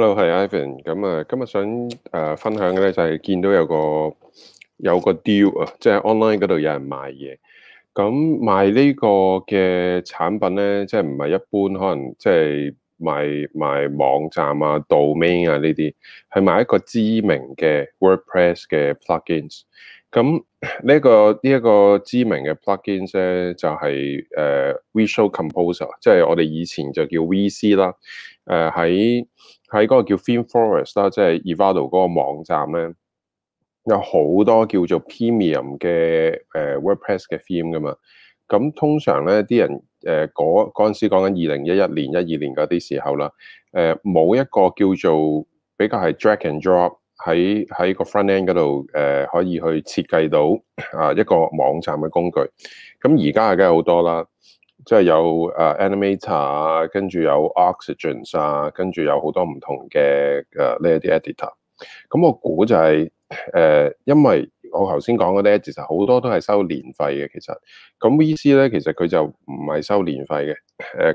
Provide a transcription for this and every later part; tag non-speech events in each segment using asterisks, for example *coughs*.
Hello，係 Ivan。咁啊，今日想誒分享嘅咧，就係、是、見到有個有個 deal 啊，即係 online 嗰度有人賣嘢。咁賣呢個嘅產品咧，即係唔係一般可能即係賣賣網站啊、domain 啊呢啲，係賣一個知名嘅 WordPress 嘅 plugins。咁呢一個呢一，這個知名嘅 plugins 咧，就係、是、誒、uh, Visual Composer，即係我哋以前就叫 VC 啦。誒喺喺嗰個叫 ThemeForest 啦，即係 Envato 嗰個網站咧，有好多叫做 premium 嘅誒、uh, WordPress 嘅 theme 噶嘛。咁通常咧，啲人誒嗰嗰陣時講緊二零一一年、一二年嗰啲時候啦，誒、uh, 冇一個叫做比較係 drag and drop。喺喺個 front end 嗰度，誒可以去設計到啊一個網站嘅工具。咁而家梗係好多啦，即係有啊 Animator 啊，跟住有 Oxygen 啊，跟住有好多唔同嘅誒呢一啲 editor。咁我估就係誒，因為。我頭先講嗰啲，其實好多都係收年費嘅。其實咁 VC 咧，其實佢就唔係收年費嘅。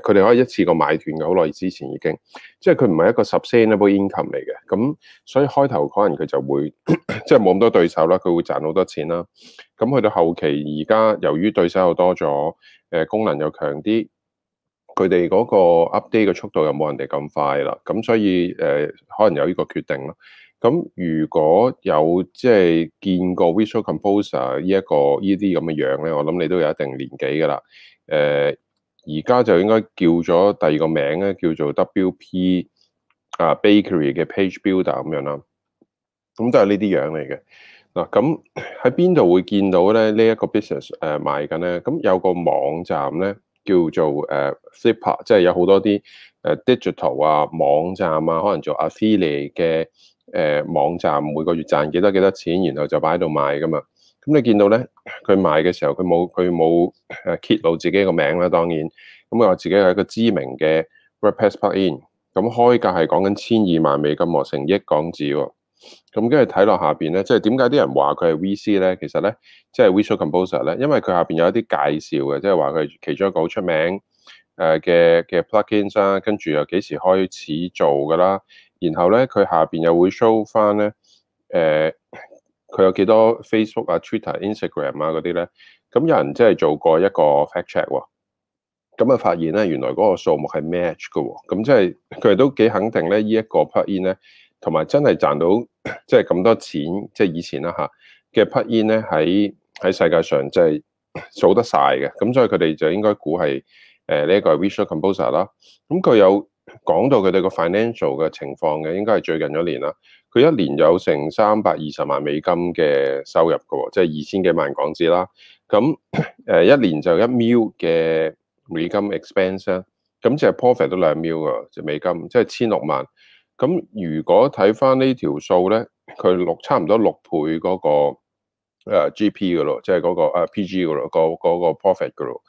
誒，佢哋可以一次過買斷嘅，好耐之前已經，即係佢唔係一個 subscription income 嚟嘅。咁所以開頭可能佢就會 *coughs* 即係冇咁多對手啦，佢會賺好多錢啦。咁去到後期，而家由於對手又多咗，誒功能又強啲，佢哋嗰個 update 嘅速度又冇人哋咁快啦。咁所以誒、呃，可能有呢個決定咯。咁如果有即係見過 Visual Composer 呢一個呢啲咁嘅樣咧，我諗你都有一定年紀噶啦。誒、呃，而家就應該叫咗第二個名咧，叫做 WP 啊、uh, Bakery 嘅 Page Builder 咁樣啦。咁都係呢啲樣嚟嘅。嗱，咁喺邊度會見到咧？這個 iness, 呃、呢一個 business 誒賣緊咧，咁有個網站咧叫做誒 Flippa，uh, 即係有好多啲誒 digital 啊網站啊，可能做 affiliate 嘅。誒網站每個月賺幾多幾多錢，然後就擺喺度賣噶嘛。咁你見到咧，佢買嘅時候佢冇佢冇誒揭露自己個名啦，當然。咁佢話自己係一個知名嘅 WordPress plugin，咁開價係講緊千二萬美金喎，成億港紙喎。咁跟住睇落下邊咧，即係點解啲人話佢係 VC 咧？其實咧，即係 Visual Composer 咧，因為佢下邊有一啲介紹嘅，即係話佢係其中一個好出名。誒嘅嘅 plugins 啦，跟住又幾時開始做㗎啦？然後咧佢下邊又會 show 翻咧，誒、呃、佢有幾多 Facebook 啊、Twitter 啊、Instagram 啊嗰啲咧？咁有人即係做過一個 fact check 喎。哦，咁啊發現咧原來嗰個數目係 match 嘅。哦，咁即係佢哋都幾肯定咧呢一個 plugin 咧，同埋真係賺到即係咁多錢，即、就、係、是、以前啦吓嘅 plugin 咧喺喺世界上即、就、係、是、 *laughs* 數得晒嘅，咁所以佢哋就應該估係。誒呢一個係 Visual Composer 啦，咁佢有講到佢哋個 financial 嘅情況嘅，應該係最近一年啦。佢一年有成三百二十萬美金嘅收入嘅喎，即係二千幾萬港紙啦。咁誒一年就一 mil 嘅美金 expense，咁就係 profit 都兩 mil 㗎，即係美金，即係千六萬。咁如果睇翻呢條數咧，佢六差唔多六倍嗰個 GP 嘅咯，即係嗰個 PG 嘅咯，嗰個 profit 嘅咯。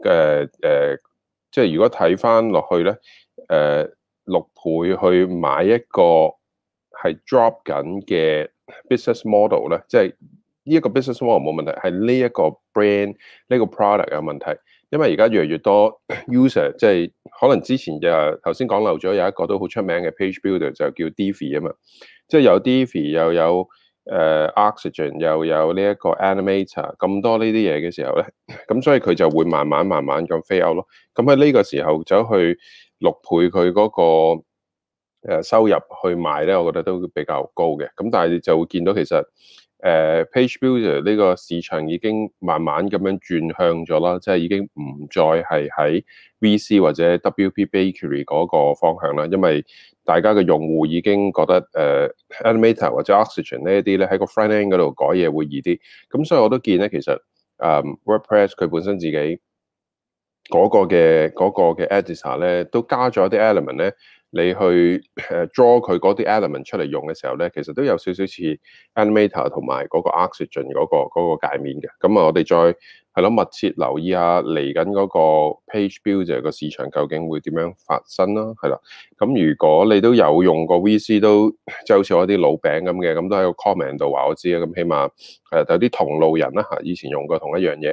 嘅誒、呃呃，即係如果睇翻落去咧，誒、呃、六倍去買一個係 drop 緊嘅 business model 咧，即係呢一個 business model 冇問題，係呢一個 brand 呢個 product 有問題，因為而家越嚟越多 user，即係可能之前就頭先講漏咗有一個都好出名嘅 page builder 就叫 Divi 啊嘛，即係有 Divi 又有。誒、uh, oxygen 又有呢一個 animator 咁多呢啲嘢嘅時候咧，咁 *laughs* 所以佢就會慢慢慢慢咁 fail 咯。咁喺呢個時候走去六倍佢嗰個收入去買咧，我覺得都比較高嘅。咁但係你就會見到其實。誒、uh, page builder 呢個市場已經慢慢咁樣轉向咗啦，即係已經唔再係喺 VC 或者 WP Bakery 嗰個方向啦，因為大家嘅用戶已經覺得誒、uh, Animator 或者 Oxygen 呢一啲咧喺個 frontend 嗰度改嘢會易啲，咁所以我都見咧其實誒、um, WordPress 佢本身自己嗰個嘅嗰個嘅 editor 咧都加咗一啲 element 咧。你去誒 draw 佢嗰啲 element 出嚟用嘅時候咧，其實都有少少似 Animator 同埋嗰個 Oxygen 個嗰、嗰個界面嘅。咁啊，我哋再係咯密切留意下嚟緊嗰個 Page Builder 個市場究竟會點樣發生啦、啊。係啦，咁如果你都有用過 VC，都即係好似我啲老餅咁嘅，咁都喺個 comment 度話我知啦。咁起碼誒有啲同路人啦、啊、嚇，以前用過同一樣嘢。